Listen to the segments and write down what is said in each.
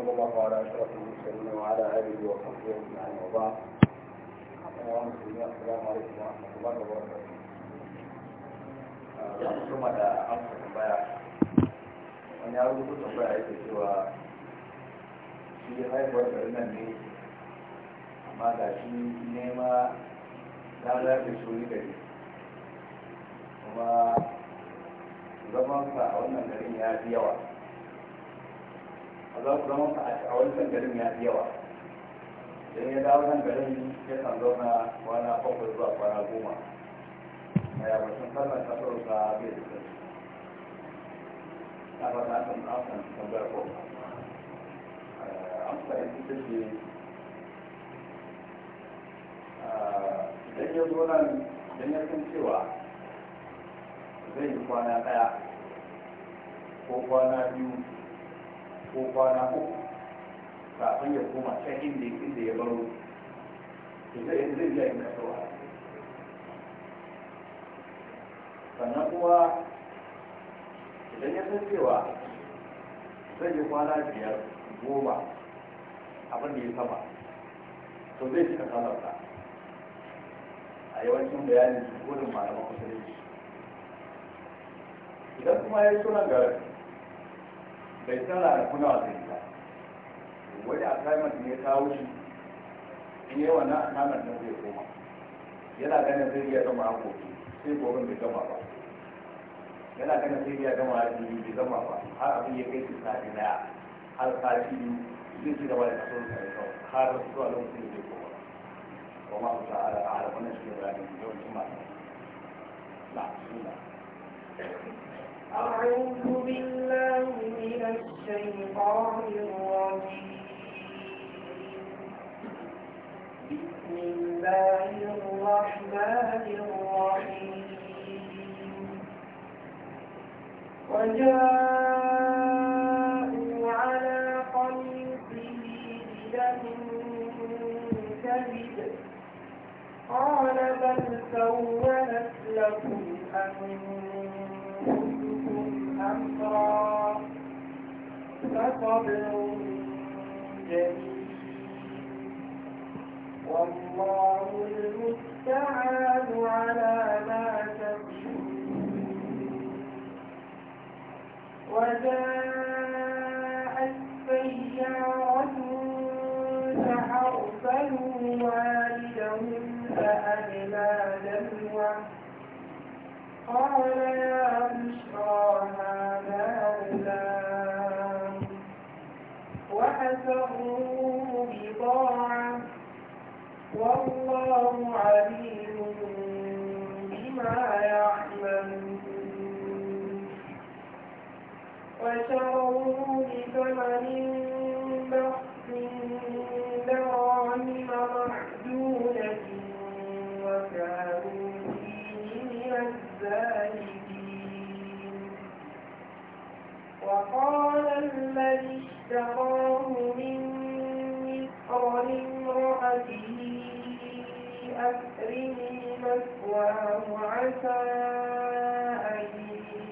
صلى الله على أشرف المرسلين وعلى آله وصحبه أجمعين وبعد السلام عليكم ورحمة الله وبركاته ثم da amsa tambaya wani ya rubuta tambaya yake cewa shi haihuwar garin nan ne amma ga shi nema na zafi shuri gari kuma zamansa a wannan garin ya fi yawa zama a wani wancan garin ya fi yawa idan ya dawo nan garin ya san zauna kwana bakwai zuwa kwana goma a yammacin sallar kasar sa bai da sassu ta ba ta san asan tambayar ko eh, amsa ita ce eh, idan ya zo nan idan ya san cewa zai yi kwana ɗaya ko kwana biyu ko kwana uku kafin ya koma can inda inda ya baro to zai zai iya yin kasuwa sannan kuma idan ya san cewa zai yi kwana biyar goma abin da ya saba to zai cika sallarsa a yawancin bayanin gudun malaman kusurinci idan kuma ya yi sunan garin bai tsara da kuna zai ba wani assignment ne ta wuce in yi wannan assignment na zai koma yana ganin zai iya gama hakoki sai gobe bai gama ba yana ganin zai iya gama hakoki bai zama ba har abin ya kai shi sati daya har sati zai ci gaba da kasuwar sa ya kawo har da zuwa lokacin da zai koma wa ma su ta'ala a harkunan shi da bayanin yawancin masu na suna أعوذ بالله من الشيطان الرجيم بسم الله الرحمن الرحيم وجاءوا على قميصه بدم كذب قال بل سولت لكم أنفسكم أمرا فصبر جميل والله المستعان على ما تبشرون وجاءت سيارة فأرسلوا والدهم فأدلى دلوه قال يا بشرى هذا والله عليم بما يعملون وشروه بثمن وقال الذي اشتراه من مصر لامرأته أكرمي مثواه عسى أن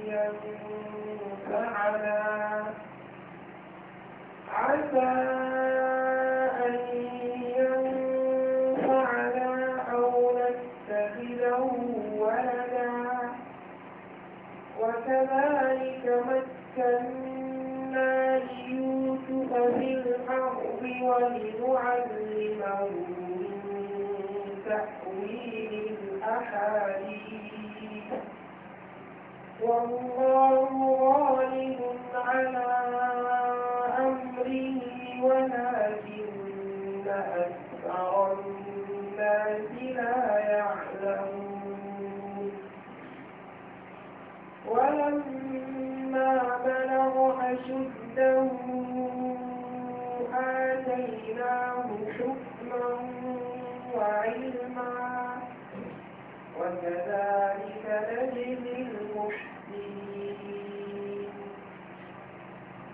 ينفعنا عسى أن ينفعنا أو نتخذه ولدا وكذلك مت مكنا ليوسف في الأرض ولنعلمه من تأويل الأحاديث والله غالب على أمره ولكن أكثر الناس لا يعلمون ولما فلما بلغ أشده آتيناه حكما وعلما وكذلك نجزي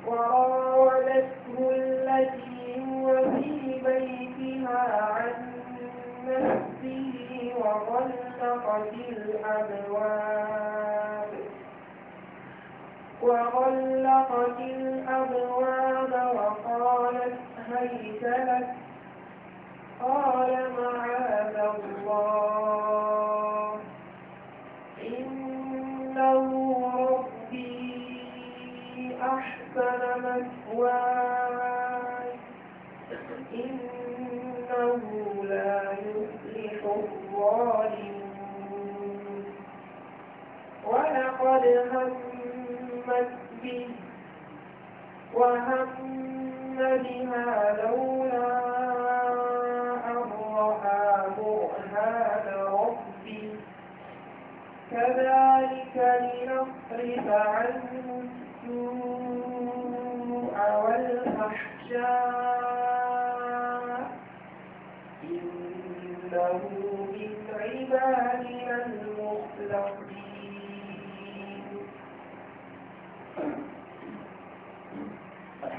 وراودته التي هو في بيتها عن نفسه وغلقت الأبواب وغلقت الأبواب وقالت هيت لك قال معاذ الله إنه ربي أحسن مثواي إنه لا يفلح الظالمون ولقد هم همت وهم بها لولا أن رأى برهان ربي كذلك لنصرف عنه السوء والفحشاء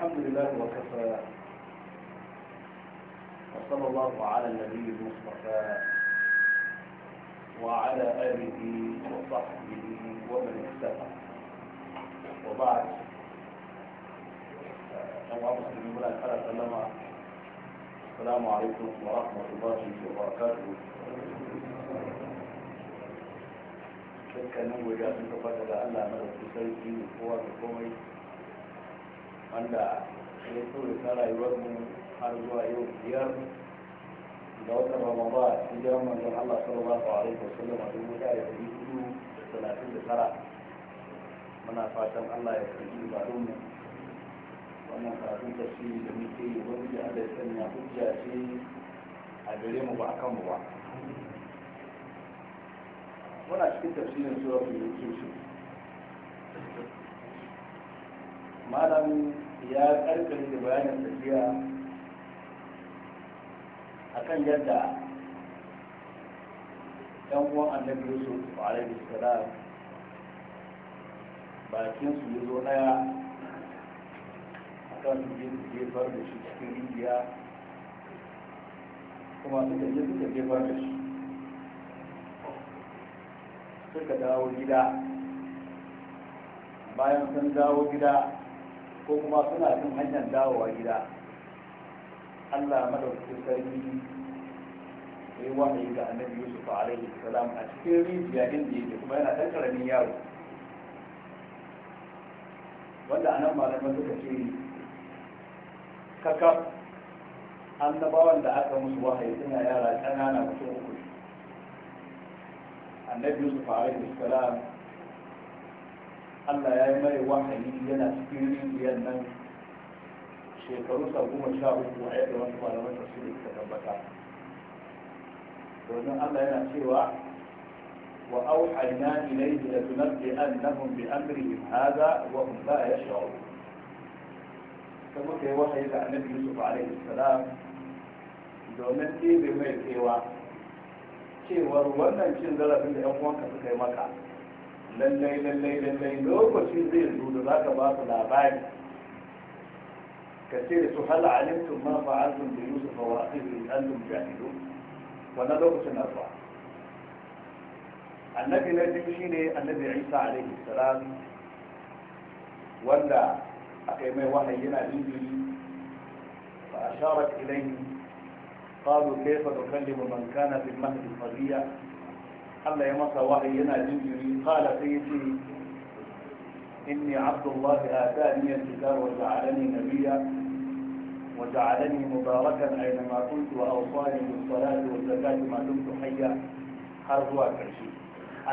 الحمد لله وكفى وصلى الله على النبي المصطفى وعلى آله وصحبه ومن اهتدى وبعد اللهم صل جماعة المسلمين الحلقة سلمة السلام عليكم ورحمة الله وبركاته dukkanin guda sun tabbata da Allah madauki sarki kowa da komai wanda ya tsorata rayuwarmu har zuwa yau biyar da wata ramaba jiran manzon Allah sallallahu alaihi wasallam a dubu da dari hudu da talatin da tara muna fatan Allah ya karbi mu wannan karatun tafsiri da muke yi wani da Allah ya sanya hujja ce a gare mu ba kan mu ba muna cikin tafsirin suratul yusuf malam ya karkare da bayanin tafiya a kan yadda ɗan uwan annabi yusuf alaihi salam bakin su ya zo ɗaya kan su je su jefar da shi cikin rijiya kuma suka je suka jefar da shi suka dawo gida bayan sun dawo gida ko kuma suna cin hanyar dawowa gida Allah madaukakin sarki sai wahayi ga annabi Yusuf alaihi salam a cikin rijiya inda yake kuma yana ɗan ƙaramin yaro wanda anan malaman suka ce kaka annabawan da aka musu wahayi suna yara ƙanana mutum uku annabi Yusuf alaihi salam Allah ya yi mai wahayi yana cikin rijiyar nan shekaru sa goma sha uku a yadda wasu malaman tafsiri suka tabbata domin Allah yana cewa wa auhayna ilayhi la tunabbi annahum bi amrihim hadha wa hum la yash'urun sai muka yi wahayi ga annabi Yusuf alaihi salam domin ɗebe mai cewa cewar wannan cin zarafin da 'yan uwanka suka yi maka lallai lallai lallai lokaci zai zo da za ka ba su labari ka ce da su hal alimtum ma fa'altum bi yusuf wa akhihi antum jahilun wannan lokacin na zuwa annabi na biyu shine annabi isa alaihi salam wanda aka yi mai wahayi yana jinjiri fa asharat ilayhi qalu kayfa nukallimu man kana fi mahdi fadiya حل يا مصر وحي قال سيدي إني عبد الله آتاني الكتاب وجعلني نبيا وجعلني مباركا أينما كنت وأوصاني بالصلاة والزكاة ما دمت حيا حرزوا كرشي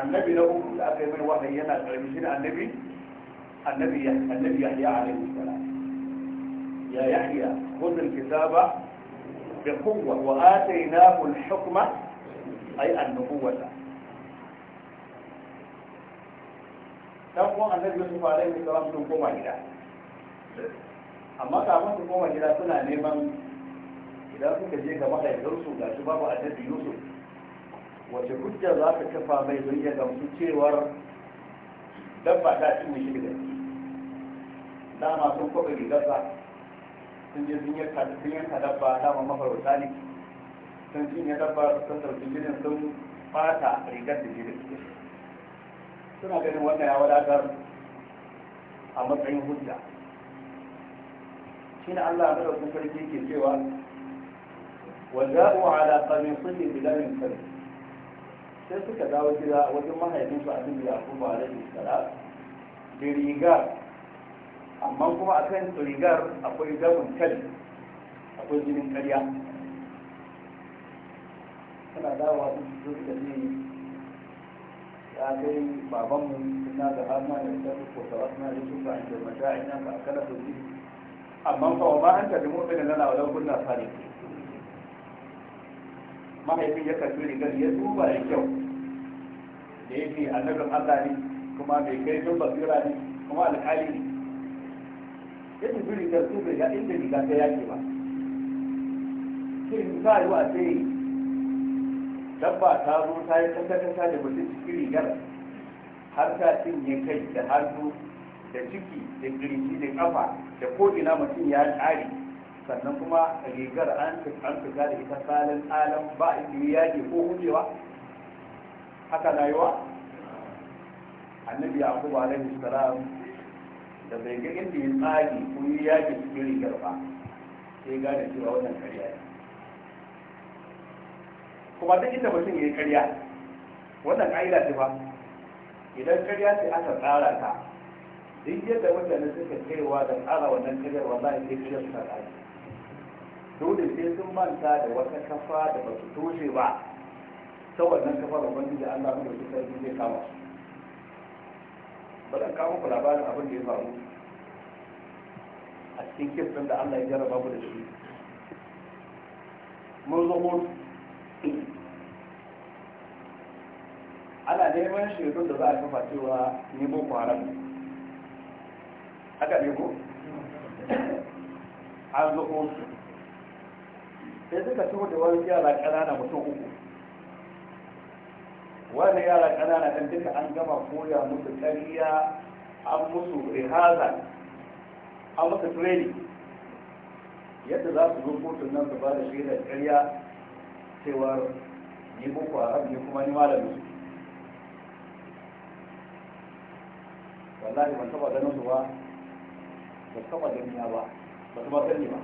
النبي له كل أخي من وحي ينا كرشين النبي النبي النبي يحيى عليه السلام يا يحيى خذ الكتاب بقوة وآتيناه الحكمة أي النبوة dan kuma annabi Yusuf alaihi salam sun koma gida amma kafin su koma gida suna neman idan suka je ga mahaifinsu ga su babu annabi Yusuf wace hujja za ka kafa mai don ya gamsu cewar dabba ta ci mu shi da dama sun kwaɓa rigarsa sun je sun yanka sun dabba dama mafarauta ne sun cinye dabba sun sarfi jinin sun fata rigar da jinin suna ganin wannan ya wadatar a matsayin hujja shine Allah ya dauki sarki ke cewa wa ja'u ala qamisihi bilamin sarki sai suka dawo gida wajen mahaifinsu a duk yakubu alaihi salam da rigar. amma kuma akan rigar akwai zaun kari akwai jinin karya suna dawowa sun fito da ne قال بابام كنا ذهبنا kala وتركنا يوسف عند متاعنا فأكله الذئب أما فما أنت بمؤمن لنا ولو كنا صادقين mahaifin ya karbi rigar ya duba da kyau da yake annabin Allah ne kuma bai kai don basira ne kuma alƙali ne ya tafi rigar su bai ga inda ta yake ba Sai za a yi wa sai dabba ta zo ta yi kasa-kasa da mutum cikin rigar har ta cinye kai da hannu da ciki da kirji da kafa da ko'ina mutum ya tsari? sannan kuma rigar an fita da ita salin alam ba a ilimi yaƙi ko hujewa haka na yi wa annabi ba na salam da bai ga inda ya tsage ko ya yaƙi cikin rigar ba sai gane cewa wannan karya ne kuma duk inda mutum ya yi karya wannan ka'ida ce ba idan karya ce aka tsara ta duk yadda mutane suka kaiwa da tsara wannan karyar wallahi sai karyar su ta tsari dole sai sun manta da wata kafa da ba su toshe ba ta wannan kafa da wani da Allah mai su sarki zai kama su bari kawo ku labarin abin da ya faru a cikin kirkin da Allah ya jarraba ku da shi mun zo mutu ana neman shirin da za a kafa cewa nemo boko haram haka ne ko an zaɓo su sai suka tuhu da wani yara ƙanana mutum uku wani yara ƙanana ɗan duka an gama koya musu ƙariya an musu rehaza an musu training yadda za su zo kotun nan su ba da shaidar ƙarya cewar ni boko haram ne kuma ni malami wallahi ban taba ganin su ba ba taba ya ba ba su ba sani ba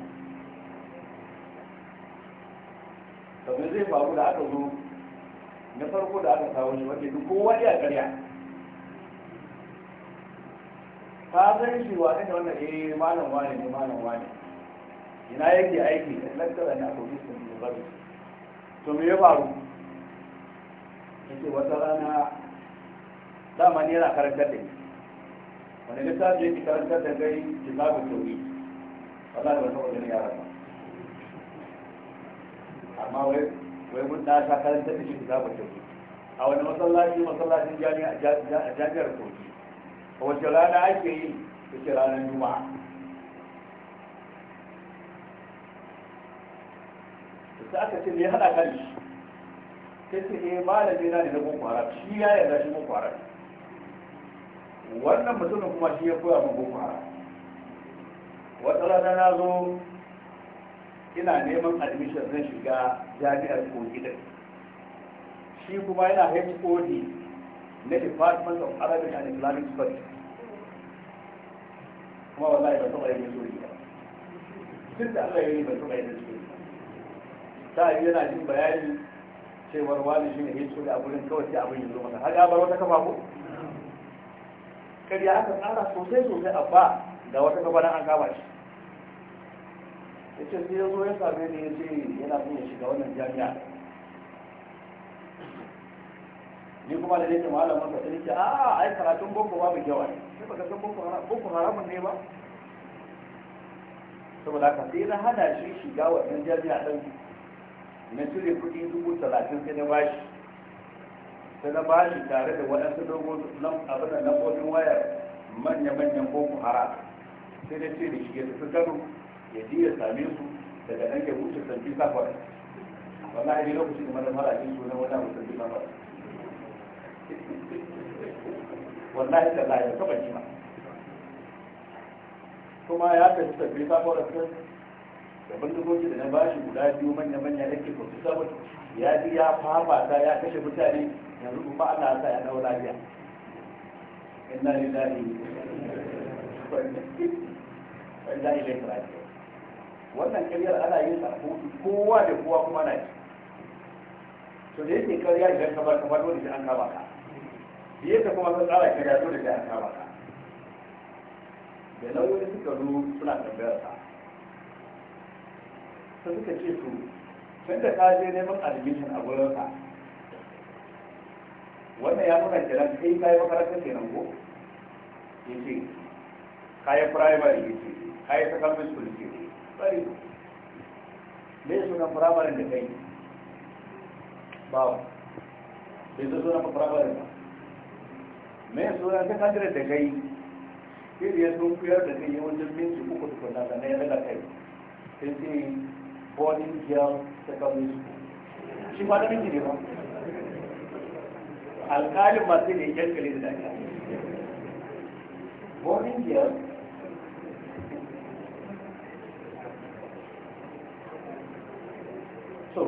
saboda zai faru da aka zo na farko da aka kawo shi wanda duk kowa ya karya ka san shi wa ne wannan eh malam wane ne malam wane ina yake aiki lecturer ne a police university to me ya faru yake wata rana dama ne yana karantar da ni wani littafi yake karantar da gai kitabun tauri wala da wata wajen yara ba amma wai wai mun da ta karantar da shi kitabun tauri a wani masallaci masallacin jami'ar kogi a wace rana ake yi ta ranar juma'a da aka ce me ya haɗa kan shi sai ce eh malami na ne na boko haram shi ya yarda shi boko haram wannan mutumin kuma shi ya koya min boko haram wata rana na zo ina neman admission zan shiga jami'ar kogi da shi kuma yana hod na department of arabic and islamic studies kuma wallahi ban taɓa yin sori ba duk da allah ya yi ban taɓa yin Sai yana jin bayani cewar wani shi ne ya da abin kawai sai abin yanzu masa har ya bar wata kafa ko kariya aka tsara sosai sosai a ba da wata kafa nan an kama shi yace sai ya ya same ni yace yana son ya shiga wannan jami'a ni kuma da nake malamin ka sai ce a ah, ai karatun boko ba mu ne, sai baka san boko haram boko haramun ne ba saboda haka sai na hana shi shiga wannan jami'a dan na cire kudi dubu talatin sai na bashi sai na bashi tare da waɗansu dogon abin da lambobin wayar manya-manyan boko haram sai na ce da shi ya tafi gano ya ji ya same su daga nan ya wuce sanfi safar wallahi ne lokacin da mara mara jin sunan wani abu sanfi safar wallahi da lafiya kaba jima kuma ya tafi sanfi safar a da bandagoci da na bashi guda biyu manya-manya da ke kwafi saboda ya ji ya fafata ya kashe mutane yanzu kuma ana sa ya dawo lafiya inna lillahi wa inna ilaihi raji'un wannan karyar ana yin sa hutu kowa da kowa kuma na ci to da yake karya idan ka bar ka bar dole sai an kama ka biye ta kuma ta tsara karya dole sai an kama ka da lauyoyi suka zo suna tambayar sa sai suka ce su tun da ka je neman admission a gurin ka wannan ya nuna kenan kai kai makaranta nan ko yace kai primary yace kai secondary school yace bari me sunan primary da kai ba bai zo sunan primary ba me sunan secondary da kai sai ya sun kuyar da kai yawancin minti uku tukuna sannan ya daga kai sai boarding girl secondary school shi ba da miji ne ba alkalin masu ne yan kare da daga boarding girl so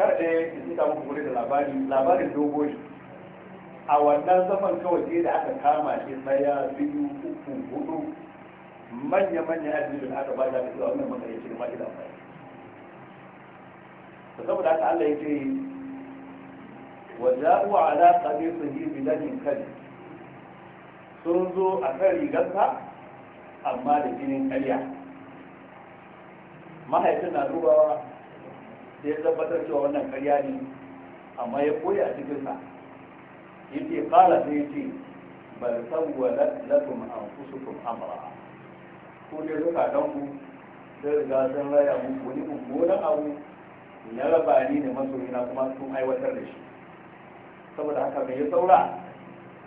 kar da ya ta muku kuri da labari labarin dogo shi a wannan zaman kawai sai da aka kama shi tsaya biyu uku hudu manya-manya adilin aka ba da ake zuwa wannan makarici da maki da amfani saboda haka Allah yake wa za'u ala qamisihi bi ladin kadi sun zo a kan rigarsa amma da jinin karya mahaifin na dubawa sai ya tabbatar cewa wannan karya ne amma ya koya a cikinsa yake kala sai ya ce bal sawwalat lakum anfusukum amra ko dai zuka dan ku sai riga sun raya muku wani mummunan abu ya raba ni da masoyina kuma sun aiwatar da shi saboda haka mai ya saura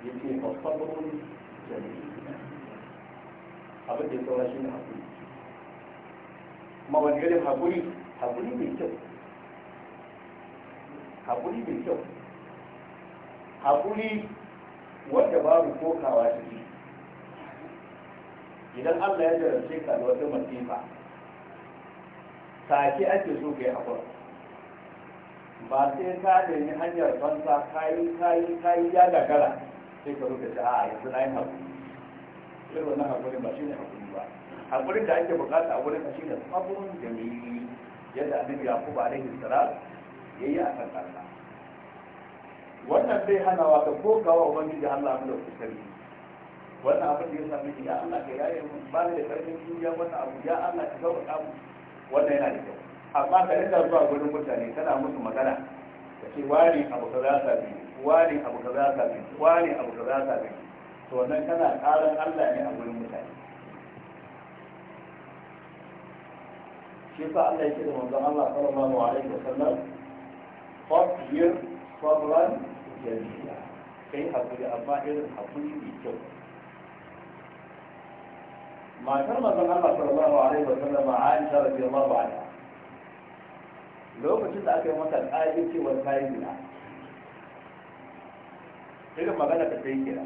ya ce fasabrun jami'i abin da ya saura shi ne hakuri kuma wani irin hakuri hakuri mai kyau hakuri mai kyau hakuri wanda babu kokawa ciki idan allah ya jarabce ka da wata masifa sake ake so ka yi hakuri ba sai ka nemi hanyar fansa kayi kayi kayi ya gagara sai ka rubuta a yanzu na yi haƙuri irin wannan haƙuri ba shi ne haƙuri ba haƙuri da ake buƙata a wurin shi ne sabon jami'i yadda annabi kuma alaihi salam ya yi a kan ƙasa wannan bai hana wa ka ko kawo ubangiji Allah mu da kusari wannan abin da ya sami ya Allah ka yaye mu ba da karfin duniya wannan abu ya Allah ka sauƙaƙa mu wannan yana da kyau amma ka rinka zuwa gurin mutane kana musu magana ka ce wani abu ka za ka bi wani abu ka za ka bi wani abu ka za ka bi to wannan kana karan Allah ne a gurin mutane shi sa Allah yake da manzon Allah sallallahu alaihi wasallam fasbir sabran jamila kai hakuri amma irin hakuri mai kyau matar manzon Allah sallallahu alaihi wasallam Aisha radiyallahu anha lokacin da aka yi masa ƙari cewar kayi zina irin magana ta kai kira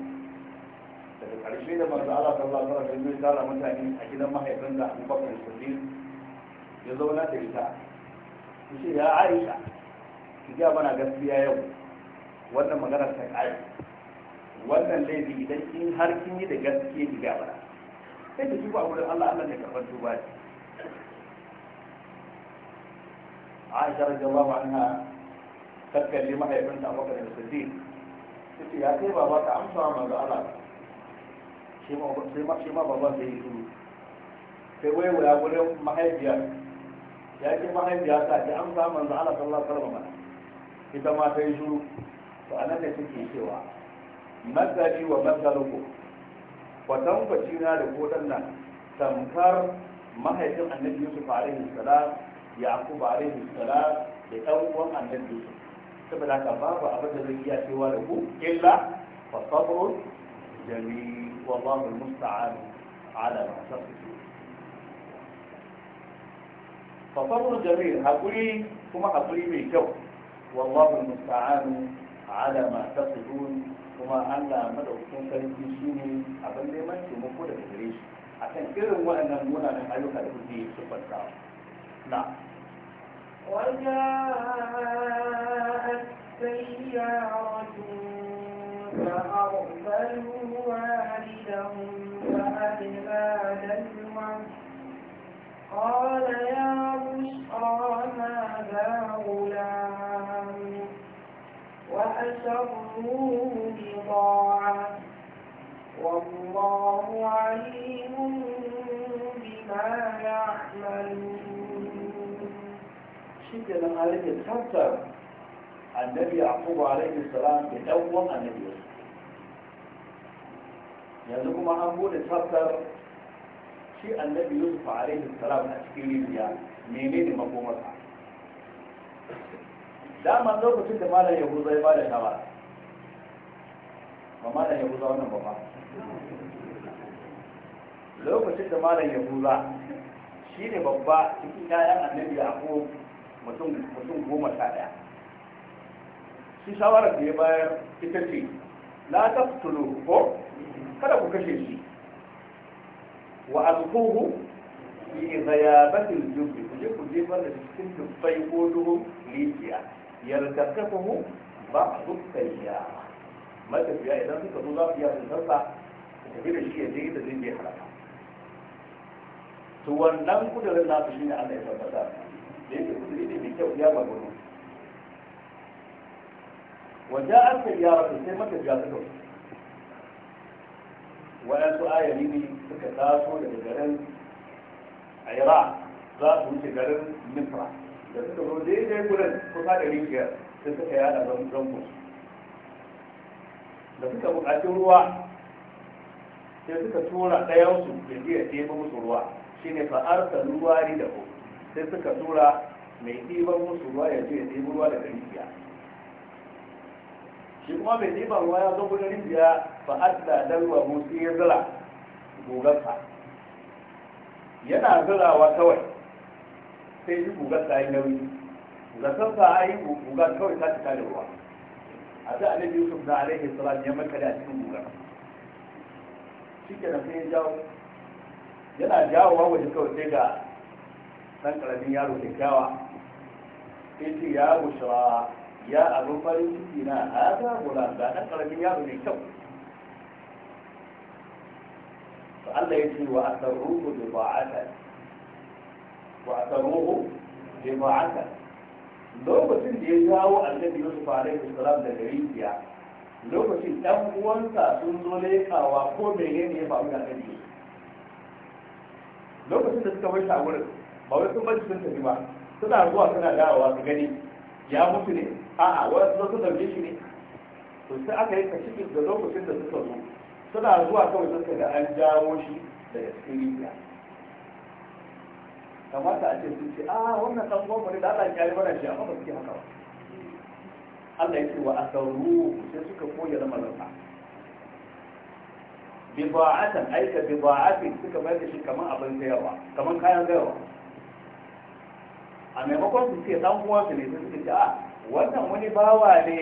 daga ƙarshe da manzo Allah sallallahu alaihi wasallam ya tara mutane a gidan mahaifin da Abu Bakar Siddiq ya zauna da ita shi ya Aisha ki ga mana gaskiya yau wannan magana ta ƙari wannan laifi idan in har kin yi da gaskiya ki ga mana sai ki tuba wurin Allah Allah ne karɓar tuba ne aisha radiyallahu anha ana kalli mahaifinta abubakar da siddiq tace ya kai baba amsa wa manzo Allah shi ma sai ma shi ma baba sai wai waya gurin mahaifiya ya ce mahaifiya ta ji amsa manzo Allah sallallahu alaihi wasallam ita ta yi shuru to anan da take cewa matsali wa matsalukum kwatankwacina da kodan tamkar mahaifin annabi yusuf alaihi salam yaqub alaihi salam da ɗan uwan annabi yusuf saboda haka babu abin da zai iya cewa da ku illa fa sabrun jamil wallahu almusta'an ala ma tasifun fa sabrun jamil hakuri kuma hakuri mai kyau wallahu almusta'an ala ma tasifun kuma Allah madaukakin sarki shine abin neman taimako daga gare shi akan irin waɗannan munanan ayyuka da kuke siffanta نعم وجاءت سيارة فأرسلوا والدهم فأدلى دلوه قال يا بشرى ماذا غلام وأسروا بضاعة والله عليم بما يعملون shi ke nan an rage tantar annabi a kuma alaihi salam da ɗan uwan annabi yanzu kuma an bude tantar shi annabi yusuf alaihi salam a cikin rijiya menene makomarsa dama lokacin da malam yahuza ya bada shawara ba malam yahuza wannan ba ba lokacin da malam yahuza shi ne babba cikin kayan annabi a kuma mutum goma sha ɗaya shi shawarar da ya bayar ita ce la ta tulu ko kada ku kashe shi wa azkuhu fi ghayabatil jubbi ku je ku je bar da cikin dubbai ko duhu rijiya mu ba dukkanniya matafiya idan suka zo za su yi asusarsa su tafi da shi ya je da zai bai halaka to wannan kudurin nasu shine Allah ya tabbata وجاءت سيارة سيما كجاتته وأنتو آية ليبي فكتاسو لجرن عراق ذاتو لجرن مصر جاتته رودي جاي قلن فتا جريك يا سيسا كيانا رم رموس لذلك مقاتي هو سيسا كتورا قيوسو جديا تيبا مصر روا شيني فأرسل الواري لكم sai suka tura mai ɗiban musu ruwa ya je ɗiban ruwa daga rijiya shi kuma mai ɗiban ruwa ya zo gudun rijiya ba adda dalwa musu ya zira gogarsa yana zirawa kawai sai yi gogarsa ya nauyi zakarsa a yi gogar kawai ta cika da ruwa a ta alif yusuf na alaihi salam ya makare a cikin gogar shi kenan sai ya jawo yana jawowa waje kawai sai ga ɗan ƙaramin yaro kyawa sai ce ya bushra ya abin farin ciki na haza gula ga ɗan ƙaramin yaro mai kyau to Allah ya ce wa asarruhu da ba'ata wa asarruhu da ba'ata lokacin da ya jawo annabi Yusuf alaihi salam daga rijiya lokacin ɗan uwansa sun zo laifawa ko menene ya faru da annabi lokacin da suka bar shi a wurin ba wai sun bari sun tafi ba suna zuwa suna dawowa su gani ya mutu ne a'a wai sun sun dauke shi ne to sai aka yi kashe da lokacin da suka zo suna zuwa kawai sun ga an jawo shi daga cikin rijiya kamata a ce sun ce a wannan san gwamnati ne da Allah ya yi mana shi amma ba su haka ba Allah ya ce wa asaru sai suka koya zama zama biba'atan aika biba'atin suka mai da shi kamar abin sayarwa kamar kayan sayarwa a maimakon su ce dan su ne sun ce a ah, wannan wani bawa ne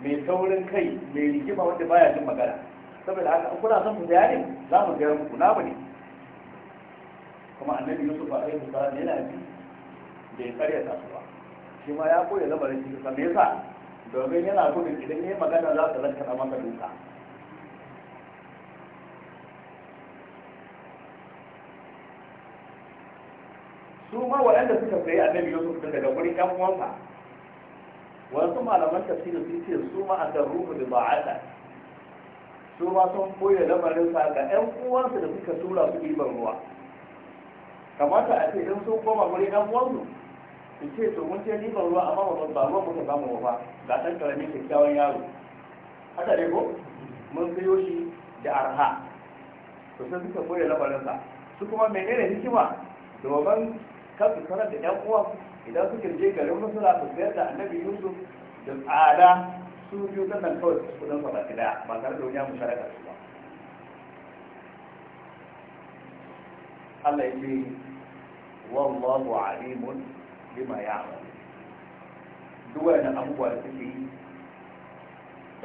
mai saurin kai mai rigima wanda baya jin magana saboda haka an kuna son bayani za mu gaya muku na ne kuma annabi yusuf a aiki ne na bi da ya ta su shi ma ya koya lamarin shi me yasa domin yana gudun idan ya magana za ta lanka maka duka su ma waɗanda suka sayi annabi yusuf daga wurin ƴan uwansa wasu malaman tafsiri sun ce su ma a kan ruhu da ba'ata su ma sun koya lamarin sa ga yan uwansa da suka tura su ɗiban ruwa kamata a ce idan sun koma wurin ƴan uwansu su ce to mun je ɗiban ruwa amma ba ruwa muka samu ba ga ɗan ƙaramin kyakkyawan yaro haka ne ko mun sayo shi da arha to sai suka koya lamarin sa su kuma menene hikima domin kafi sanar da yan uwan idan suke je garin masara su sayar da annabi yusuf da tsada su biyu nan kawai su kudin sa baki daya ba tare da wani ya musharaka su ba Allah ya ce wallahu alimun bima amu duk wannan abubuwa da suke yi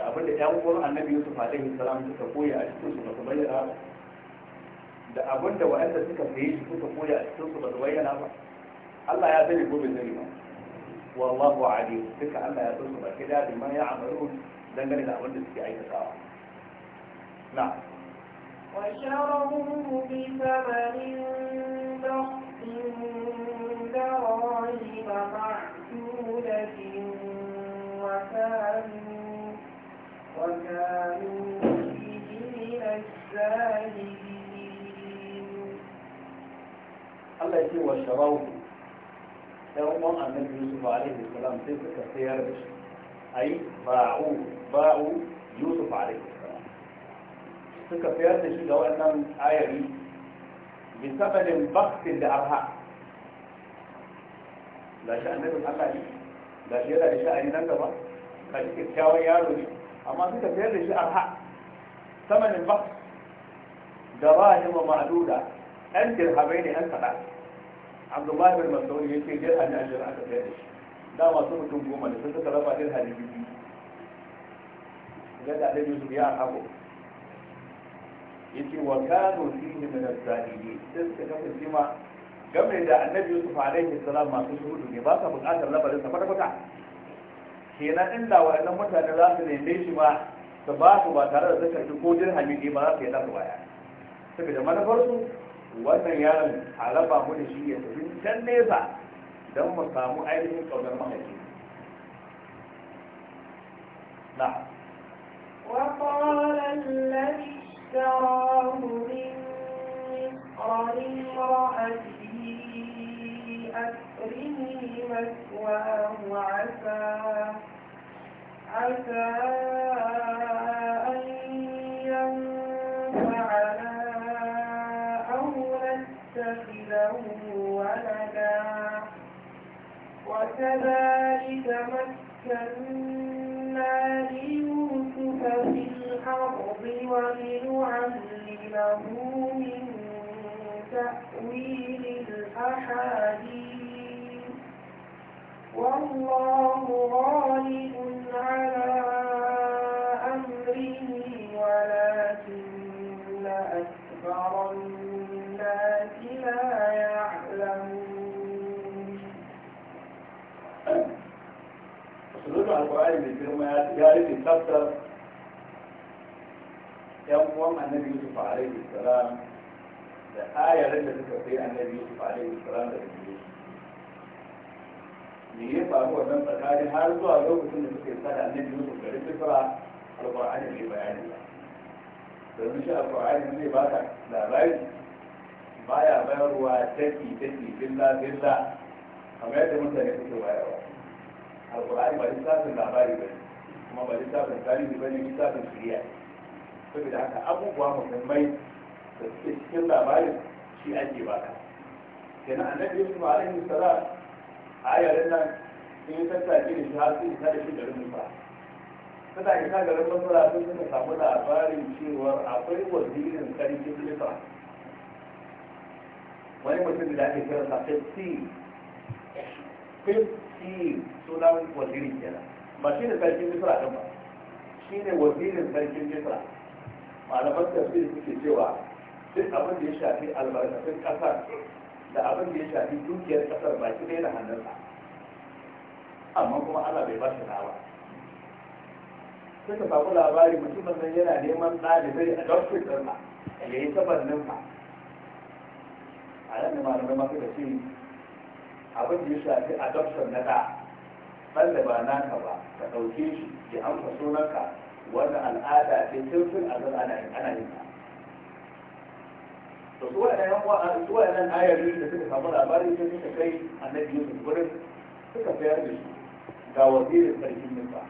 da abin da yan uwan annabi yusuf alaihi salam suka koya a cikin su ba su bayyana da abin da wa'anda suka sayi shi suka koya a cikin su ba su bayyana ba Allah ya sani gobe sani ba wallahu alim duka Allah ya san su ba kida da ma ya amaru dangane da abin da suke aikatawa na وشروا بثمن بخس دراهم معدودة وكانوا وكانوا به من الزاهدين الله يسير وشروه يوم النبي يوسف عليه السلام في السيارة أي باعوا باعوا يوسف عليه السلام تلك السيارة لو جوا أنهم آية بي بسبب بخت لأرها لا شاء النبي الحمد لله لا شيء لا شاء أن ننتبه فلك الشاوى يالوني أما تلك السيارة شو أرها ثمن البخت دراهم معدودة ɗan dirhamai ne ɗan kaɗan abdullahi bin masauri ya ce dirhami ashirin aka sayar da shi da masu mutum goma ne sun suka raba dirhami biyu ga da ɗan yusuf ya hako. ya ce wa kano fihi min al-zahiri sai suka kafa ma game da annabi yusuf alaihi salam masu shuhudu ne ba ka buƙatar labarin sa kwata-kwata kenan inda waɗannan mutane za su neme shi ba su ba su ba tare da zakar ko dirhami ne ba za su yi nasu baya saboda manufarsu wannan yaron a raba mu da shi ya tafi can nesa don mu samu ainihin kaunar mahaifi na وقال الذي اشتراه من مصر لامرأته أكرمي مثواه عسى عسى أن وكذلك مكنا ليوسف في الأرض ولنعلمه من تأويل الأحاديث والله غالب على alƙur'ani mai girma ya rufe tsaftar yan uwan annabi yusuf alaihi salam da ayarin da suka sai annabi yusuf alaihi salam da rike me ya faru wannan tsakani har zuwa lokacin da suka yi sada annabi yusuf da rike fara alƙur'ani mai bayani ba domin shi alƙur'ani zai baka labari baya bayarwa taki taki billa billa kamar yadda mutane suke bayarwa alkur'ani ba littafin labari ba ne kuma ba littafin tarihi ba ne littafin shirya saboda haka abubuwa muhimmai da suke cikin labarin shi ake baka kenan annabi yusuf alaihi salam ayarin nan sun yi tattaki da shi har sun isa da shi garin musa suna isa garin masara sun suka samu labarin cewa akwai wazirin sarki misra wani mutum da ake kira sa 15 shi sunan wazirin kenan ba shi ne sarkin misra ɗin ba shi ne wazirin sarkin misra tafsiri suke cewa duk abin da ya shafi albarkatun ƙasar da abin da ya shafi dukiyar ƙasar ba shi ne da hannunsa amma kuma ana bai ba shi rawa suka samu labari mutumin nan yana neman ɗalibai a doctor ɗin ya yi a yanzu malamai masu da shi abin da ya shafi adoption na da banda ba naka ba ka ɗauke shi ya amsa sunanka wannan al'ada ce tun sun azal ana yin ana yin ta to su wa'annan yan uwa su wa'annan ayoyi da suka samu labarin sun suka kai annabi Yusuf gurin suka sayar da shi ga wazirin sarkin Misra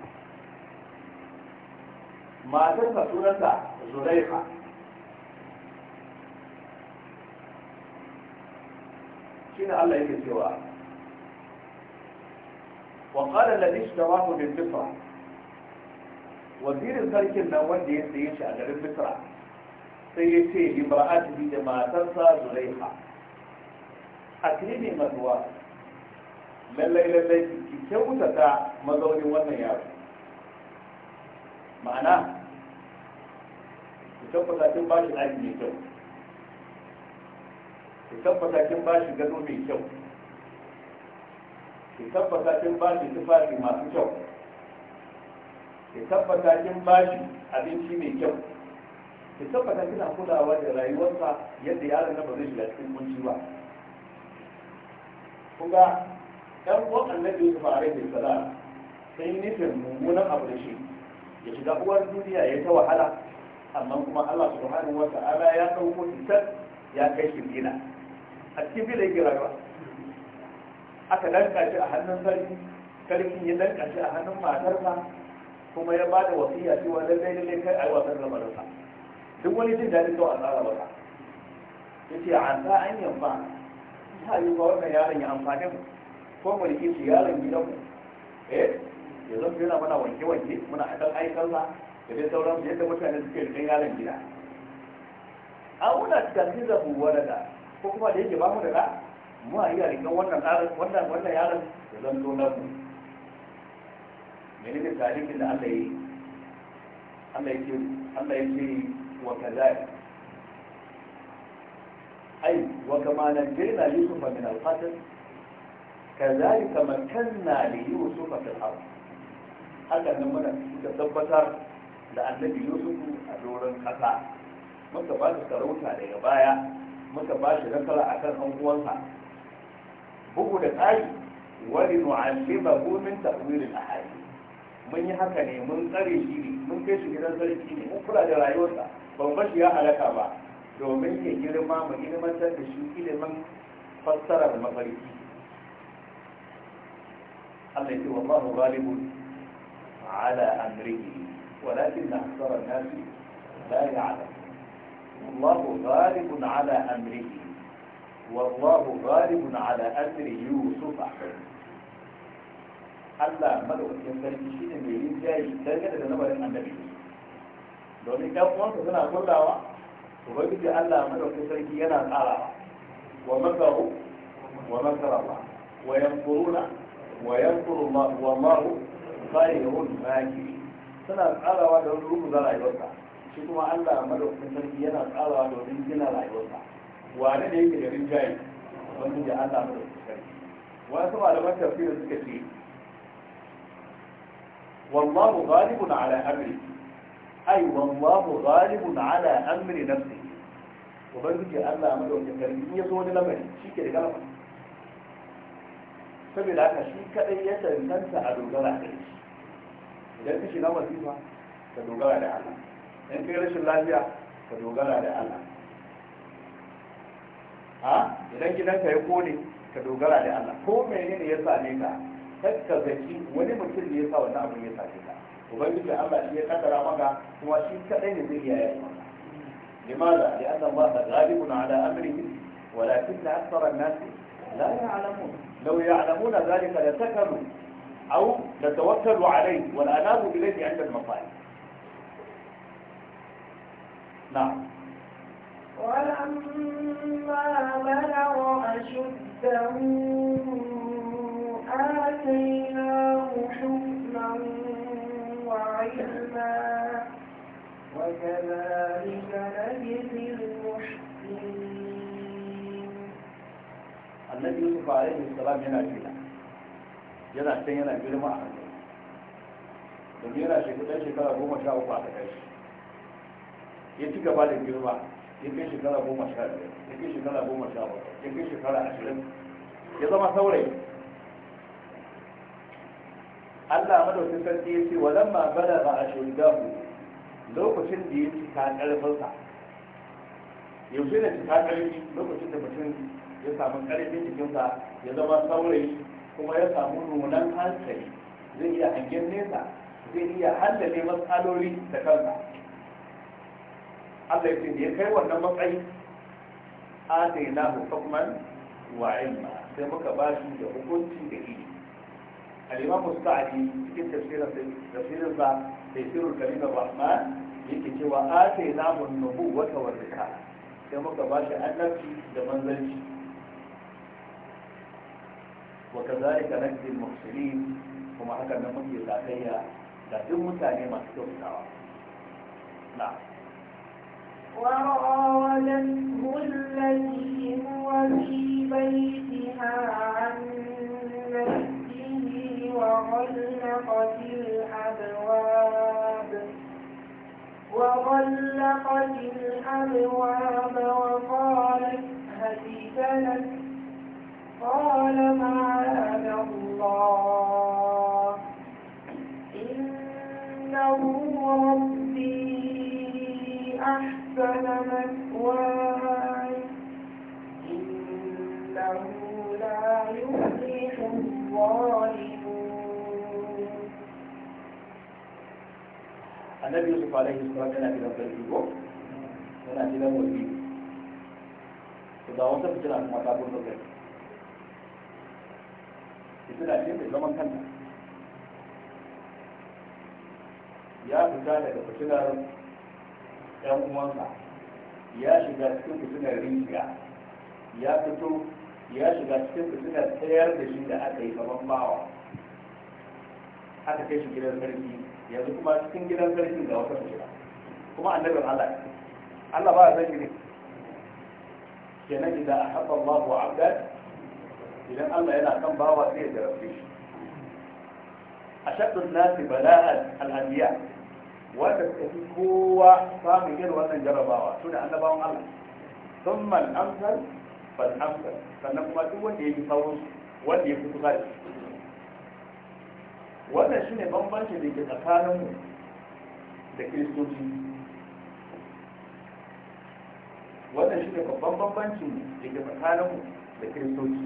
matarsa sunanta Shi ne Allah yake cewa وقال الذي اشتراه من مصر wazirin sarkin nan wanda ya saye shi a garin misra sai ya ce imra'atihi da matarsa zulaiha akrimi mazuwa lallai lallai ki kyautata mazaunin wannan yaro ma'ana ki tabbata kin ba shi ɗaki mai kyau ki tabbata kin ba shi gado mai kyau ki tabbata kin ba shi tufafi masu kyau ki tabbata kin ba shi abinci mai kyau ki tabbata kina kulawa da rayuwarsa yadda yaron na ba zai shiga cikin kunci ba kuma ɗan uwan annabi yusuf mai sala sai nufin mummunan abu da shi ya shiga uwar duniya ya ta wahala amma kuma Allah subhanahu wa ta'ala ya ɗauko shi ya kai shi gina a cikin bila yake rayuwa aka danka shi a hannun sarki sarki ya danka shi a hannun matar ka, kuma ya ba da wasiya cewa lallai lallai kai a yi wasan lamarinsa duk wani jin daɗin kawai a tsara masa ya ce a sa an yamma ta yi ba wannan yaron ya amfani mu ko rike shi yaron gidan mu eh ya zan yana mana wanke-wanke muna haɗar aikarsa da dai sauran yadda mutane suke rikin yaron gida A wuna cikin zabu wadda ko kuma da yake ba mu da mu a iya rikan wannan wannan wannan yaron da zan zo na ku mene ne tarihin da Allah yi Allah ya ce Allah ya ce wa kazai ai wa kama najjayna yusufa min al-qatl kazalika makanna li yusufa fil ardh haka nan muna suka tabbatar da annabi yusufu a doron kasa muka ba shi sarauta daga baya muka ba shi nasara akan an uwansa بقول الآية ولنعلمه من تأويل الأحادي من يحكى من قريش من كيش إذا قريش مقرى جرائيوتا فمش يا حلقا با ومن يجير ما مجين ما تكشو إلي من فسر المغرب الذي هو الله غالب على أمره ولكن أكثر الناس لا يعلم الله غالب على أمره wallahu ghalibun ala amri yusuf Allah madaukakin sarki shi ne mai yin jayi dangane da lamarin annabi domin ɗan uwansa suna kullawa ubangiji Allah madaukakin sarki yana tsarawa wa makaru wa makarallah wa yanfuruna wa yankuru ma wallahu khairul makirin suna tsarawa da wani ruku za rayuwarsa shi kuma Allah madaukakin sarki yana tsarawa domin gina rayuwarsa wane ne yake da rinjaye wanda da Allah mai tsari wasu malaman tafsir suka ce wallahu ghalibun ala amri ai wallahu ghalibun ala amri nafsi ubangiji Allah mai wajen gari in ya so wani lamari shi ke da galaba saboda haka shi kadai ya tantanta a dogara da shi idan kishi na wasifa ka dogara da Allah in kai rashin lafiya ka dogara da Allah ha idan gidanka ya kone ka dogara da Allah ko menene ya same ka kakka zaki wani mutum ne ya sa wannan abin ya same ka ubangiji Allah shi ya kaddara maka kuma shi kadai ne zai iya maka limaza li anna ba ta ghalibun ala amrihi walakin la akthara an-nas la ya'lamun law ya'lamuna dhalika la takalu aw la tawakkalu alayhi wal anabu ilayhi 'inda al-mafaid na'am ولما بلغ أشده آتيناه حكما وعلما وكذلك نجزي المحسنين النبي يوسف عليه السلام هنا فينا yana can yana girma a hannu domin yana shekara goma sha uku a ta kai ya ci gaba da girma ya shekara goma sha biyar ya shekara goma sha bakwai ya shekara ashirin ya zama saurayi Allah madaukin sarki ya ce wa ba a shugabu lokacin da ya cika karfinsa yaushe da cika ƙarfi lokacin da mutum ya samu ƙarfin jikinsa ya zama saurayi kuma ya samu nunan hankali zai iya hangen nesa zai iya hallale matsaloli da kansa Allah ya da ya kai wannan matsayi a atayna hu hukman wa ilma sai muka ba shi da hukunci da ilimi ku suka musta'adi cikin tafsirin tafsirin sa tafsirul kalim ar-rahman yake cewa a atayna hu nubuwwata wata risala sai muka ba shi annabci da manzanci wa kazalika najdi al-muhsinin kuma haka nan muke sakayya da duk mutane masu kyautawa na'am وراودته التي هو في بيتها عن نفسه وغلقت الأبواب وغلقت الأبواب وقالت هديت لك قال معاذ الله إنه رب أحسن مثواي إنه لا يفلح الظالمون النبي يوسف yana gidan wani ku da wata fitina kuma ta gudu kai fitina ce mai zaman kanta ya fita daga fitinar ɗan uwansa ya shiga cikin fitinar rijiya ya fito ya shiga cikin fitinar tsayar da shi da aka yi gaban bawa aka kai shi gidan sarki yanzu kuma cikin gidan sarki ga wata shiga. kuma annabin Allah Allah ba zai ne kenan idan ahabba Allah wa abdan idan Allah yana kan bawa sai da jarabce shi ashaddun nasi bala'an al-anbiya wanda suka fi kowa samun irin wannan jarabawa su da annabawan Allah sun man amsal ban amsal sannan kuma duk wanda ya fi sauran wanda ya fi kusa da wannan shi ne bambanci da ke tsakaninmu da kiristoci wannan shi ne babban bambancin da ke tsakaninmu da kiristoci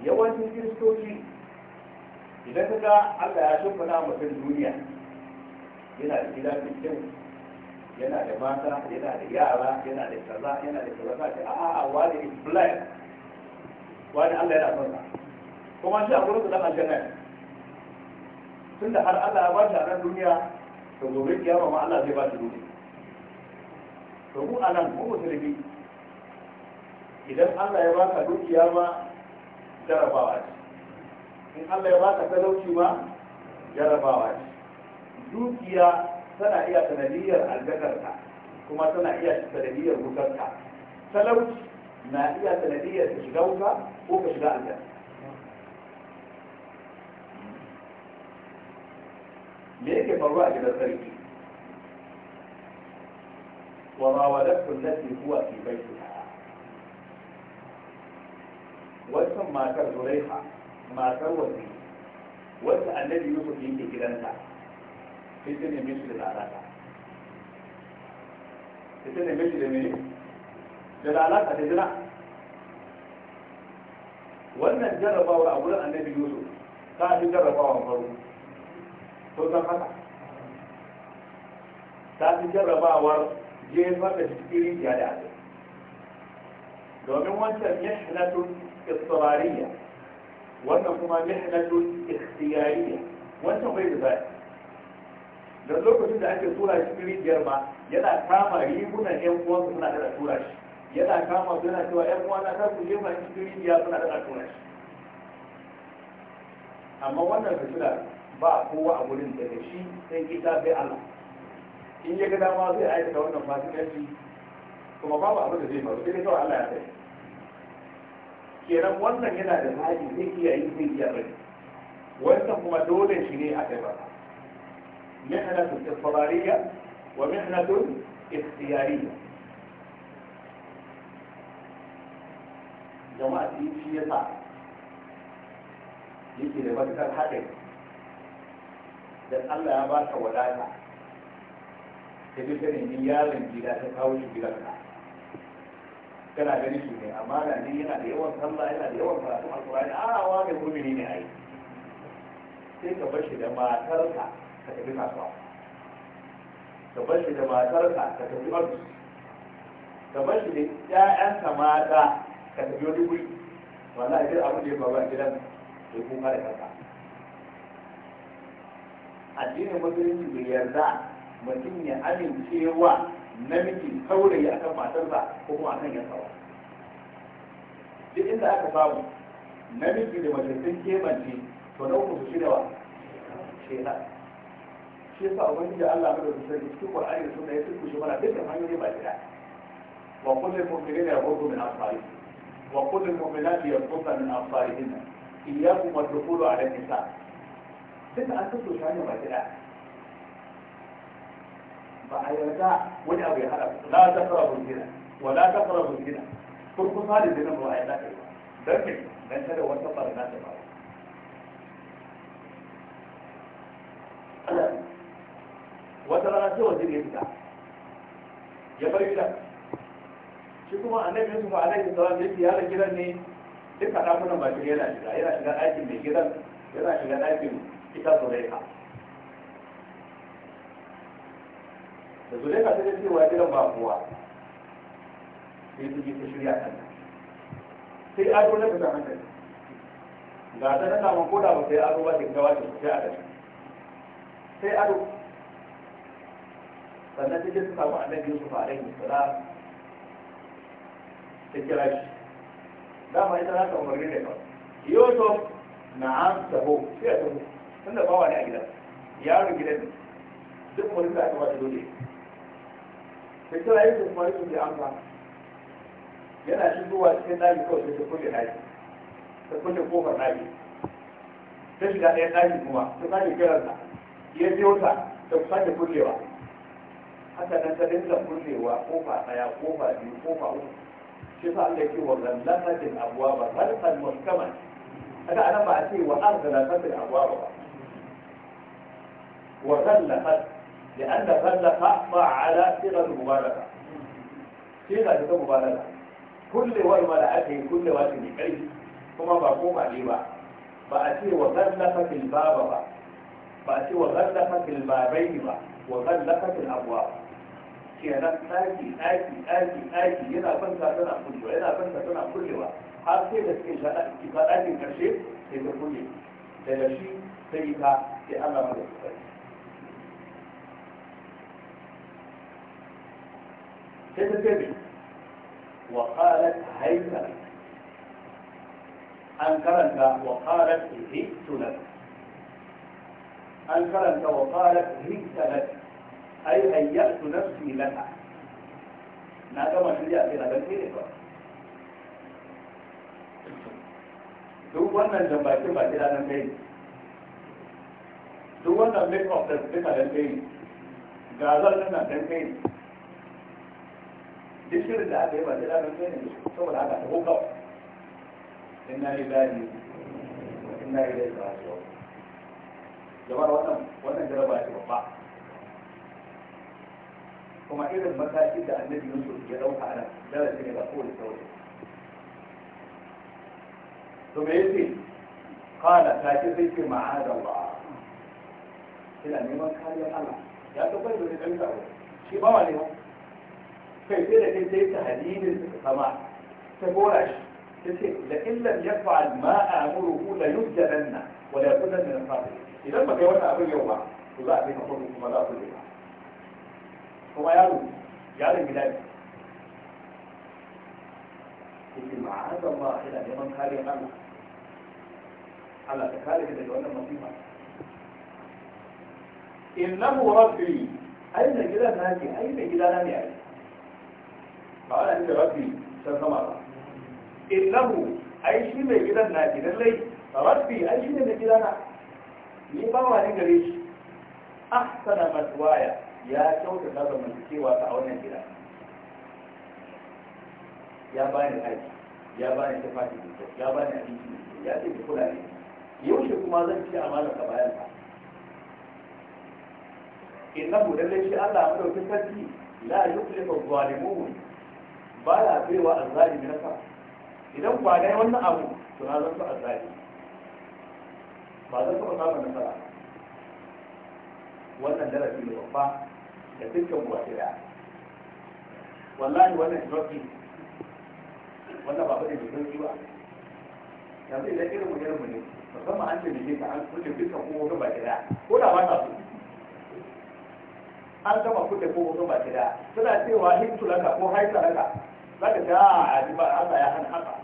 yawancin kiristoci idan ka ga Allah ya shimfiɗa mutum duniya yana da gida mai kyau yana da mata yana da yara yana da kaza yana da kaza ta ce a'a ah, wani in blind wani Allah yana son kuma shi a gurin da aljanna tun tunda har Allah ya ba shi a nan duniya to gobe kiyama ma Allah zai ba shi duniya to mu a nan mu musulmi idan Allah ya baka dukiya ma jarabawa ce in Allah ya baka talauci ma jarabawa ce dukiya tana iya sanadiyar algagarka kuma tana iya sanadiyar wutarta. talauci na iya sanadiyar ka shiga wuta ko ka shiga aljanna me yake faru a gidan sarki wa rawadatu allati huwa fi baytiha wannan matar Zuraiha matar wasi wacce annabi Yusuf yake gidanta sai ta neme shi da lalata sai ta neme shi da mene da lalata da zina wannan jarrabawar a wurin annabi yusuf ta fi jarrabawar faru ko san haka ta fi jarrabawar jefa da cikin ya da ake domin wancan mihnatun istirariya wannan kuma mihnatun ikhtiyariya wancan bai da zai don lokacin da ake tura shi cikin rijiyar ma yana kama rigunan yan uwansa suna da tura shi yana kama su yana cewa yan uwana za su jefa shi cikin rijiya suna da tura shi amma wannan fitila ba kowa a gurin daga shi sai ita sai Allah in ya ga dama zai aikata wannan fasikanci kuma babu abin da zai faru sai kawai Allah ya sai kenan wannan yana da hali zai iya yi zai iya bari wannan kuma dole shi ne a kai ba محنة اضطرارية ومحنة اختيارية جماعة شيء صعب يجي لبقى الحقيقة لأن الله أبارك ولاية تبقى نيال جدا تقاوش بلا كان عجل يشوني أما أنا عندي هنا ليوان صلى إلا ليوان صلى الله عليه وسلم آه واقف مني هنا أي تبقى بشي لما ترسع ka tafi kasuwa ka bar shi da matarka ka tafi ofis ka bar shi da ƴaƴanka mata ka tafi wani guri a duk abin da ya faru a gidan ya kuma da kanka addinin musulunci bai yarda mutum ya amincewa namiji saurayi akan matarsa ko kuma akan yansawa duk inda aka samu namiji da mace sun kebance to na uku su shirya wa shaitan shi yasa ubangiji Allah mai da sarki cikin Qur'ani da sunna ya tuku shi mana dukkan hanyoyi ba daya wa kullul mu'minina yaghuddu min absarihim wa kullul mu'minati yaghuddu min absarihinna iyyakum wadkhulu ala nisa duk an tuku shi hanyoyi ba daya ba a yarda wani abu ya hada la taqrabu zina wa la taqrabu zina kun kuma da zina ba a yarda kai ba dan me dan kada wata barna ta faru wata rana sai wajen ya fita ya bar gida shi kuma annabi yusuf alaihi salam yake yaran gidan ne duka dakunan ba shi yana shiga yana shiga ɗakin mai gidan yana shiga ɗakin ita zulaika da zulaika ta ce wa gidan ba kowa sai su ta shirya kan sai ado na fita hankali ga ta na samun koda ba sai ado ba ta gawa ta sai ado sai ado sannan ta je ta samu annabi yusuf alaihi yusufa ta kira shi dama ita za ta umarni da kawai yusuf an taho sai a taho da bawa ne a gidan yaro gidan duk wani da aka wata dole ta kira yusuf kuma yusuf ya amsa yana zuwa cikin daji kawai sai ta kulle daji ta kulle kofar daji ta shiga ɗaya daji kuma ta sake kiransa ya biyo ta ta sake kullewa haka nan ta dinga kullewa kofa ɗaya kofa biyu kofa uku shi sa Allah yake wa zallatatil abwaba khalqan muhkaman haka ana ba a ce wa arzalatatil abwaba ba wa zallafat لأن غلف فعل صيغة مبالغة صيغة مبالغة كل والملأته كل وقت بحيث ba بقوم عليه فأتي وغلفت lalata بقى. فأتي وغلفت البابين lalata وغلفت ba. kenan ɗaki ɗaki ɗaki ɗaki yana kwanta tana kullewa yana kwanta tana kullewa har sai da suke shaɗa ciki ba ɗakin ƙarshe sai ta kulle daga shi sai ita sai Allah mada su sai sai ta ce wa qalat haita an karanta wa qalat hittu lak an karanta wa qalat hittu lak ai hayyatu nafsi laka na gama shirya sai na gaske ne ba duk wannan baki ba kira nan kai duk wannan make of da suka nan kai gazar nan nan kai duk shirin da aka yi ba kira nan kai ne saboda haka ta hukau inna lillahi inna ilaihi raji'un jama'a wannan wannan jaraba ce babba كما إذا المساجد إذا الذي ينزل في روح على ذلك إلى قول ثم يزيد قال فاتزي في معاذ الله إلى أن يمكى يا الله يا تقول لي أنت شي ما عليهم كيف لك أنت تهدين السماء تقول أش تسير لكن لم يفعل ما أمره ليبدأ لنا ولا يكون من الصادق إذا ما كيوانا أبو يوما الله أبي نقول لكم ولا أبو kuma yaro yaron gida ne yake ma'azan ba yana neman kariyar Allah Allah ta kare ka daga wannan masifa innahu rabbi ai da gida na ke ai da gida na ne ai ba ana ce rabbi san sama ba innahu ai shi mai gidan na ke lallai rabbi ai shi ne mai gidana ni ba wa ne gare shi ahsana matwaya ya kyautata cewa ta a wannan gida ya bani aiki ya bani tufafi da kyau ya bani abinci da kyau ya ce ki kula ne shi kuma zan ci a amana ka bayan ka innahu lalle shi Allah mu dauki sarki la yuklifu zalimun ba ya azali azzalimi nasa idan ba dai wannan abu to na zan so azali ba zan taɓa samun nasara wannan darasi ne babba da dukkan wata da wallahi wannan jofi wannan ba bane mai sauki ba yanzu idan irin mu irin mu ne musamman an taimake ka an kulle dukkan kowa gaba da ko da ba ta su an gama kulle kowa gaba da suna cewa hintu laka ko haita laka za ka ta a ji ba Allah ya hana haka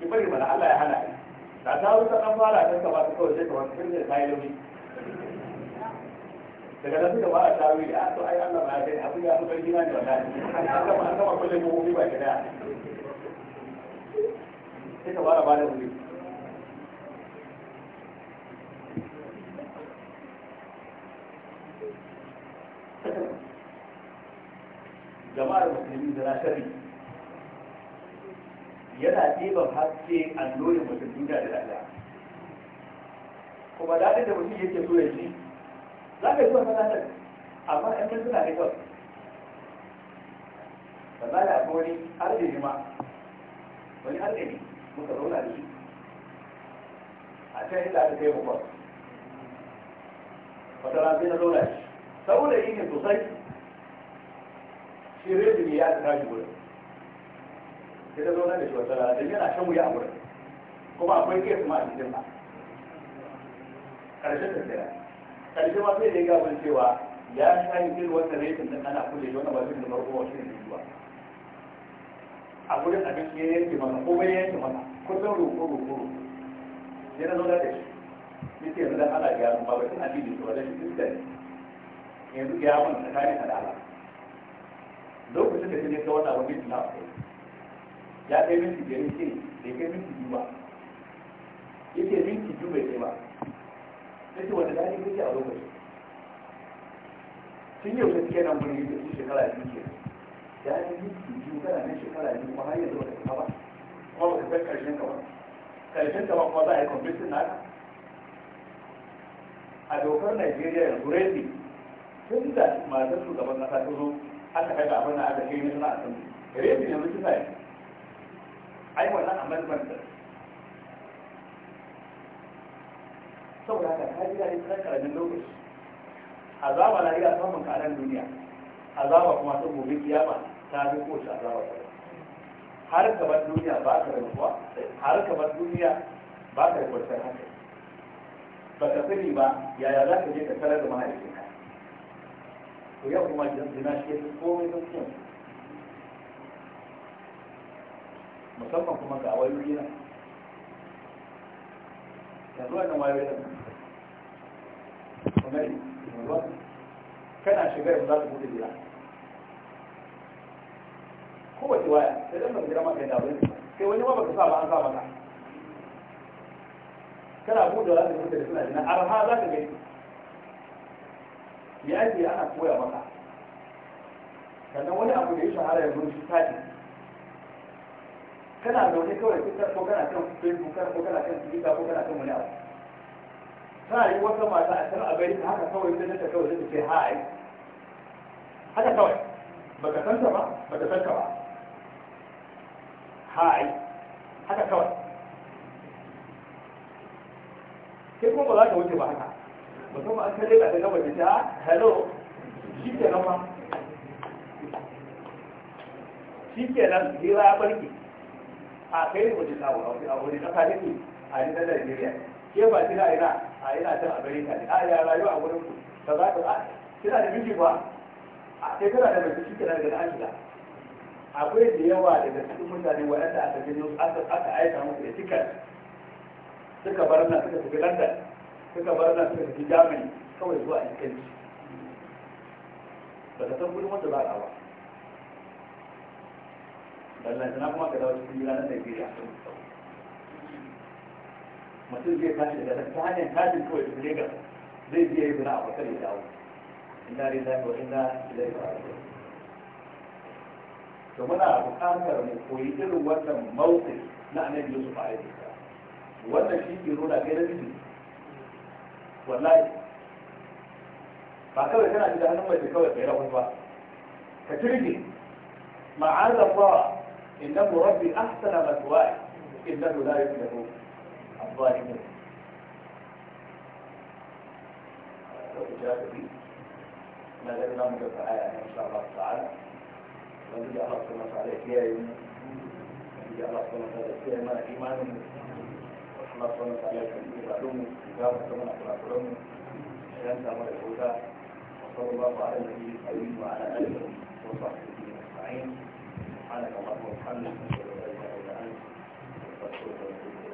ki bari mana Allah ya hana da ta wuce an fara ta ba ta kawai sai ta wani kirkin kayan launi daga nan suka fara tawi da ah, to ai Allah ba ya kai abu ya fi karfi na ne wallahi an kama an kama kullum ko ba ki da suka fara ba da wuri jama'ar musulmi da nasari yana ɗiban haske alloyin mutum duniya da Allah kuma daɗin da mutum yake so ya ji za ka zuwa sanatar amma ɗan kan suna ne kawai da za a wani arzini ma wani arzini muka zauna da shi a can inda aka kai mu kawai wata rana na zauna shi saboda yi ne sosai shi rejini ya ta tashi wurin sai ta zauna da shi wata rana don yana shan wuya a wurin kuma akwai kiyar ma a cikin ba ƙarshen tattara kalli ma sai da ya gabar cewa ya shi yi irin wata rekin da ana kulle shi wani ba zai da farko wa da zuwa a gurin abinci ya yanke mana ko bai yanke mana kusan roƙo roƙo ya na zauna da shi ya yanzu da ana gyara ba bai tana bibin shi da shi iska ne yanzu ya mun tsakanin hadala lokacin da kaje ka wani abu bin na ya kai minti biyar ya da ya kai minti biyu ba ya ce minti biyu bai kai ba nake wanda dadi kake a lokaci? tun yau gaskiya nan gudu yi da su shekara biyu ke ya yi biyu kana nan shekara biyu kuma har yanzu ba kama ba kuma baka san karshen ka ba karshen ka ba kuma za a yi kwamfitin naka a dokar najeriya yanzu rafi tun da matar shugaban kasa ta zo aka kaga abin da aka kai na sana'a sun rafi yanzu kisa yi ai wannan amendment saboda haka ka jira ne ɗan karamin lokaci azaba na iya samun ka nan duniya azaba kuma ta gobe kiyama ta fi kowace azaba ta har ka duniya ba ka da rufuwa har ka duniya ba ka da kwanciyar hankali ba ka sani ba yaya za ka je ka tarar da mahaifinka to yau kuma jina shi ya fi komai don kiyan musamman kuma ga wayoyi na yanzu wannan wayoyi na kana shiga yanzu za ka bude gida kowace waya sai dan baka jira ma kai da wani Sai wani ma baka sa ba an sa maka kana bude za ka bude da suna jina arha za ka gani me ake ana koya maka sannan wani abu da ya shahara yanzu shi tadi kana zaune kawai ko kana kan facebook ko kana kan twitter ko kana kan wani abu za a yi wata mata a can a gari ta haka kawai sai ta kawai sai ta ce hi haka kawai baka san ta ba baka san ka ba hi haka kawai sai kuma ba za ka wuce ba haka musamman an kalle ka daga waje ta ah, hello shi ke nan ma shi ke nan hira ya barke a kai ne wajen ta wuri a wuri kasa ne a yi na Najeriya ke ba shi na ina a yana can amerika ne a yara rayu a wurin ku ka za ka kina da miji ba a sai kana da miji shi kana da an akwai da yawa daga cikin mutane waɗanda aka gino aka aka aika musu da tikar suka bar nan suka tafi london suka bar nan suka tafi germany kawai zuwa iskanci ba ka san gudun wanda ba a ba lallai sana kuma ka dawo cikin ranar najeriya sun tsawo mutum zai tashi daga ta hanyar tashin kawai su lagos zai biya yi zina a kwakar ya dawo inna lillahi wa inna ilaihi raji'un to muna buƙatar mu koyi irin wannan mawqif na annabi Yusuf alaihi salam wannan shi ke nuna ga nabi wallahi ba kawai kana ji da hannun mace kawai kai rahu ba ka turbi ma'azallah innahu rabbi ahsana maswa'i innahu la yuflihu الظالمين لو جاء بي ما لم نمر إن شاء الله تعالى الذي الله سبحانه وتعالى فيها الذي الله سبحانه وتعالى فيها إيمان الله سبحانه وتعالى في علومه كتابه كما نقرأ كلام أمر الهدى وصلى الله على النبي الكريم وعلى آله وصحبه أجمعين سبحانك اللهم وبحمدك أشهد أن لا إله إلا أنت أستغفرك وأتوب إليك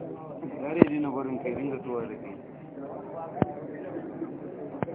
Yare dina barin kai dinga tuwa da kai.